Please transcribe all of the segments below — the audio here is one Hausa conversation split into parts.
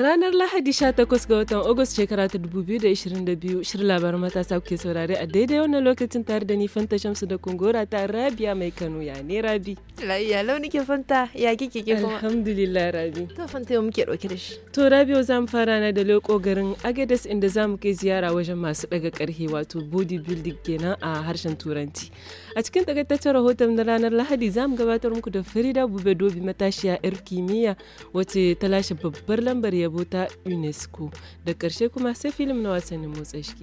Ranar Lahadi 18 ga watan Agusta shekara ta 2022 shirin labarin matasa kuke saurare a daidai wannan lokacin tare da ni Fanta Shamsu da Kungora ta Rabia mai Kano ya ne Rabi. Lafiya lau nike Fanta ya kike ke kuma. Alhamdulillah Rabi. To Fanta yau muke dauke da shi. To Rabi yau zamu fara na da loko garin Agadez inda zamu kai ziyara wajen masu daga karhe wato bodybuilding kenan a harshen Turanci. A cikin takaitaccen rahoton na ranar Lahadi zamu gabatar muku da Farida Bube Dobi matashiya 'yar kimiyya wacce ta lashe babbar lambar yabo ta unesco da karshe kuma sai filim na wasannin motsa shi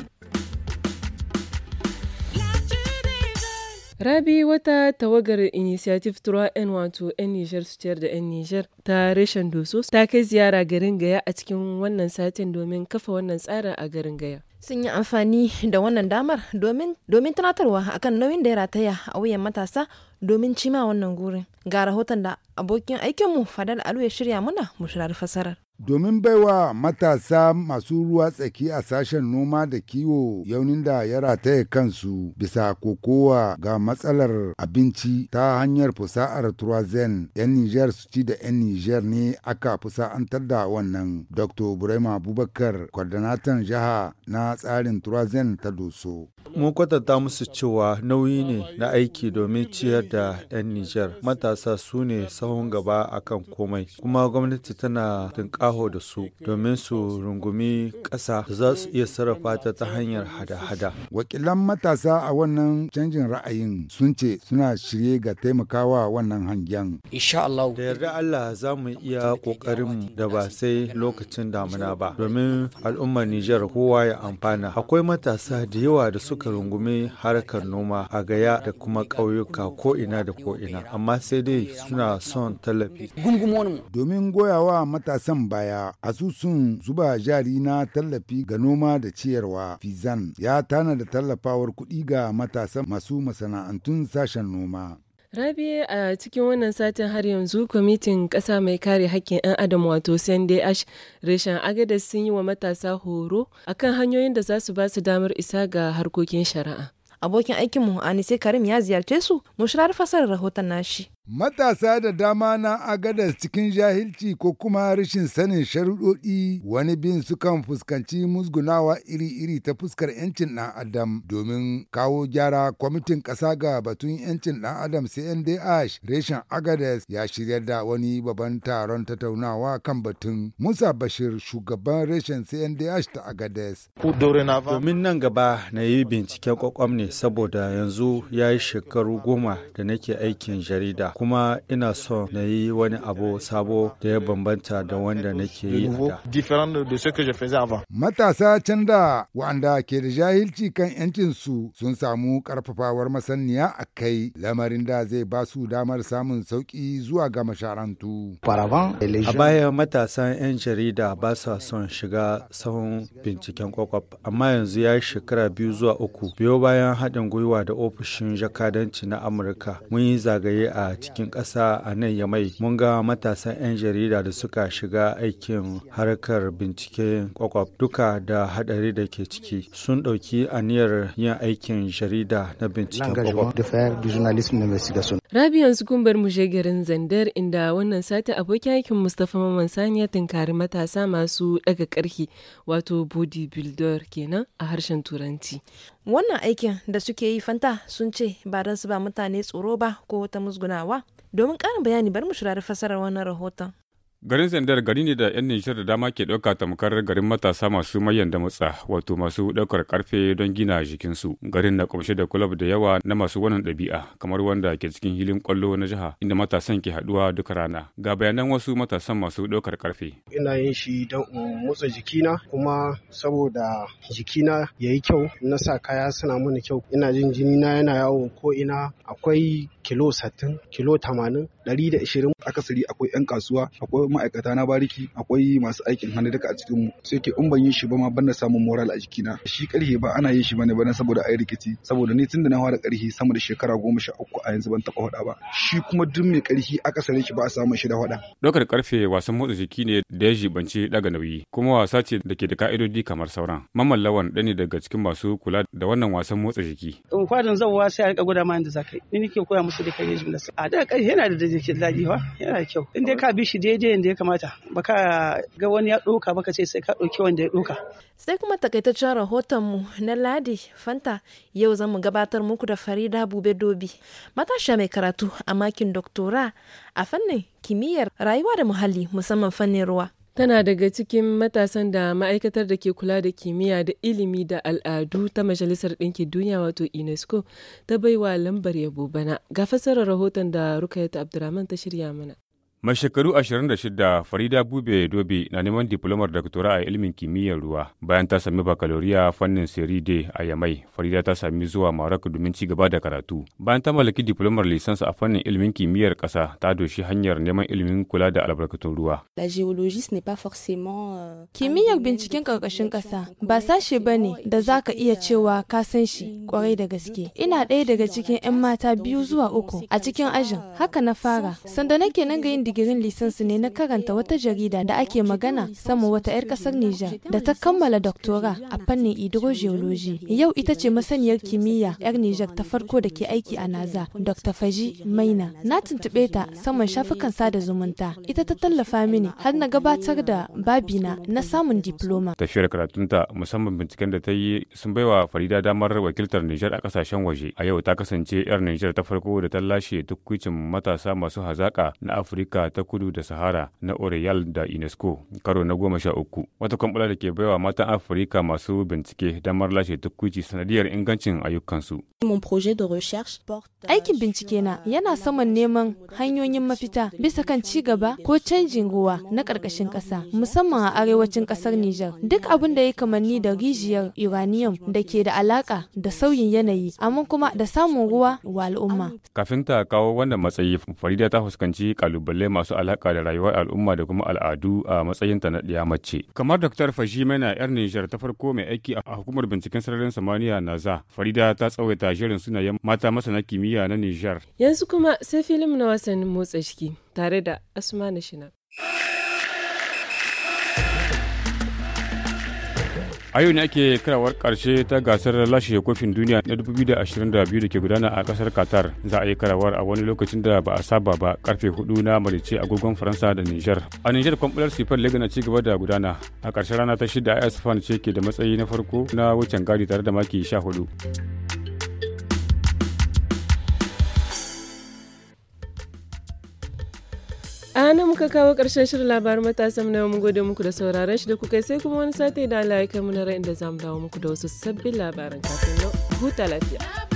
Rabi wata tawagar Initiative 3N wato 'yan Nijar su ciyar da 'yan Nijar ta reshen doso ta kai ziyara garin Gaya a cikin wannan satin domin kafa wannan tsarin a garin Gaya. sun yi amfani da wannan damar domin tunatarwa akan nauyin da ya rataya a wuyan matasa domin cima wannan gurin ga rahoton da abokin aikinmu fadal alu ya shirya muna mushirar fasarar Domin baiwa matasa masu ruwa tsaki a sashen noma da kiwo yaunin da ya rataye kansu bisa kokowa ga matsalar abinci ta hanyar fusa'ar Turazen 'yan Nijar su ci da 'yan Nijar ne aka fusa'antar da wannan. Dr. Burema Abubakar, kwadanatan jiha na tsarin Turazen ta Doso. Mun kwatanta musu cewa nauyi ne na aiki domin ciyar da 'yan Nijar. Matasa su ne sahun gaba akan komai, kuma gwamnati tana aho da su domin su rungumi ƙasa za su iya sarrafa ta ta hanyar hada-hada. Wakilan matasa a wannan canjin ra'ayin sun ce suna shirye ga taimakawa wannan hangen. Da yarda Allah za mu iya ƙoƙarin da ba sai lokacin damuna ba domin al'ummar Nijar kowa ya amfana. Akwai matasa da yawa da suka rungumi harkar noma a gaya da kuma ƙauyuka ko ina da ko ina amma sai dai suna son tallafi. Domin goyawa matasan ba baya asusun zuba jari na tallafi ga noma da ciyarwa fizan ya tana da tallafawar kuɗi ga matasan masu masana'antun sashen noma Rabi a cikin wannan satin har yanzu kwamitin ƙasa mai kare hakkin 'yan adam wato ash reshen agadas sun yi wa matasa horo akan hanyoyin da za su ba su damar isa ga harkokin shari'a. Abokin aikinmu Anise Karim ya ziyarce su, mu Fasar fasarar rahoton nashi. Matasa da dama na agadas cikin jahilci ko kuma rashin sanin sharuɗoɗi wani bin sukan fuskanci musgunawa iri-iri ta fuskar 'yancin ɗan adam domin kawo gyara kwamitin ƙasa ga batun 'yancin ɗan adam CNDH reshen agadas ya shirya da wani babban taron tattaunawa kan batun Musa Bashir shugaban reshen CNDH ta agadas. Domin nan gaba na yi binciken ne saboda yanzu ya yi shekaru goma da nake aikin jarida. kuma ina son na yi wani abu sabo da ya bambanta da wanda nake yi a da. Matasa can da wa'anda ke da jahilci kan 'yancinsu sun samu ƙarfafawar masaniya a kai lamarin da zai ba su damar samun sauki zuwa ga masharantu. A baya matasan 'yan jarida ba sa son shiga sahun binciken kwakwaf amma yanzu ya yi shekara biyu zuwa uku biyo bayan haɗin gwiwa da ofishin jakadanci na Amurka mun yi zagaye a cikin ƙasa a nan yamai mun ga matasan 'yan jarida da suka shiga aikin harkar bincike kwakwaf duka da haɗari da ke ciki sun ɗauki aniyar yin aikin jarida na binciken kwakwaf. Rabi yanzu kun bar garin Zandar inda wannan sati abokin aikin Mustapha Maman Sani ya tunkari matasa masu daga karki wato bodybuilder kenan a harshen Turanci. Wannan aikin da suke yi fanta sun ce ba don su ba mutane tsoro ba ko ta musgunawa Domin ƙarin bayani bari mu shirari fasarar wannan rahoton. Garin Zandar gari ne da 'yan Nijar da dama ke ɗauka tamkar garin matasa masu mayan da matsa, wato masu ɗaukar karfe don gina jikinsu. Garin na kumshe da kulab da yawa na masu wannan ɗabi'a, kamar wanda ke cikin hilin kwallo na jiha, inda matasan ke haɗuwa duka rana. Ga bayanan wasu matasan masu ɗaukar karfe. Ina yin shi don in motsa jikina, kuma saboda jikina ya yi kyau, na sa kaya suna mana kyau. Ina jin jini na yana yawo ko ina. Akwai kilo 60, kilo 80, 120 akwai 'yan kasuwa, akwai ma'aikata na bariki akwai masu aikin hannu duka a cikin mu sai ke in ban yi shi ba ma banda samun moral a jikina shi karhe ba ana yin shi bane bane saboda ai rikici saboda ni tunda na fara karhe sama da shekara goma sha uku a yanzu ban taɓa hada ba shi kuma duk mai aka sare shi ba a samu shi da hada Dokar karfe wasan motsa jiki ne da ya jibanci daga nauyi kuma wasa ce da ke da ka'idodi kamar sauran mamman lawan ɗani daga cikin masu kula da wannan wasan motsa jiki in kwadin zauwa sai a rika gwada ma yadda ni nake koya musu da kai da a da yana da daidai daɗi yana da kyau in dai ka bi shi daidai yadda ya kamata ka ga wani ya ɗoka ka ce sai ka ɗauki wanda ya ɗoka. sai kuma takaitaccen mu na ladi fanta yau za mu gabatar muku da farida bube dobi matasha mai karatu a makin doktora a fannin kimiyyar rayuwa da muhalli musamman fannin ruwa tana daga cikin matasan da ma'aikatar da ke kula da kimiyya da ilimi da al'adu ta majalisar ɗinki duniya wato unesco ta baiwa lambar yabo bana ga fassarar rahoton da rukayat abdulrahman ta shirya mana Mai shekaru 26 Farida Bube Dobe na neman diplomar doktora a ilimin kimiyyar ruwa bayan ta sami bakaloriya fannin Seride a Yamai. Farida ta sami zuwa Maroc domin ci gaba da karatu. Bayan ta mallaki diplomar lisansa a fannin ilimin kimiyyar ƙasa ta doshi hanyar neman ilimin kula da albarkatun ruwa. la pas forcément. Euh, kimiyyar binciken ƙarƙashin ƙasa ba euh, sashe ba ne da zaka iya euh, cewa ka san shi kwarai da gaske. Ina ɗaya daga cikin 'yan mata biyu zuwa uku a cikin ajin haka na fara. Sanda nake nan ga yin digirin lisansu ne na karanta wata jarida da ake magana sama wata 'yar kasar Nijar da ta kammala doktora a fannin hydrogeology. Yau ita ce masaniyar kimiyya 'yar Nijar ta farko da ke aiki a naza Dr. Faji Maina. Na tuntuɓe ta saman shafukan sada zumunta. Ita ta tallafa mini har na gabatar da babina na samun diploma. Tafiyar karatunta musamman binciken da ta yi sun baiwa Farida damar wakiltar Nijar a kasashen waje. A yau ta kasance 'yar Nijar ta farko da ta lashe tukwicin matasa masu hazaƙa na Afirka afirka ta kudu da sahara na oriyal da unesco karo na goma sha uku wata kwamfula da ke baiwa matan afirka masu bincike damar lashe tukuci sanadiyar ingancin ayyukansu aikin bincike na yana saman neman hanyoyin mafita bisa kan ci gaba ko canjin ruwa na ƙarƙashin ƙasa musamman a arewacin ƙasar niger duk abin da ya kamanni da rijiyar uranium da ke da alaƙa da sauyin yanayi amma kuma da samun ruwa wa al'umma kafin ta kawo wannan matsayi farida ta fuskanci kalubale dalilai masu alaƙa da rayuwar al'umma da kuma al'adu a matsayin ta na ɗiya mace. Kamar Dr. Fajimena yar Nijar ta farko mai aiki a hukumar binciken sararin samaniya Naza, Farida ta tsawaita jerin sunayen mata masana kimiyya na Nijar. Yanzu kuma sai filim na wasannin motsa shiki tare da Asma Shina. a yau ne ake karawar karshe ta gasar lashe kofin duniya na 2022 da ke gudana a kasar qatar za a yi karawar a wani lokacin da ba a saba ba karfe hudu na marice agogon faransa da niger a niger kwamfular sifar lega na cigaba da gudana a karshen rana ta shida a ce ke da matsayi na farko na wucin gadi tare da maki 14 a nan muka kawo ƙarshen shirin labarin matasan na mun gode muku da sauraron shi da kuka sai kuma wani sati da Allah ya kai mu na ra'in da zamu dawo muku da wasu sabbin labaran kafin huta lafiya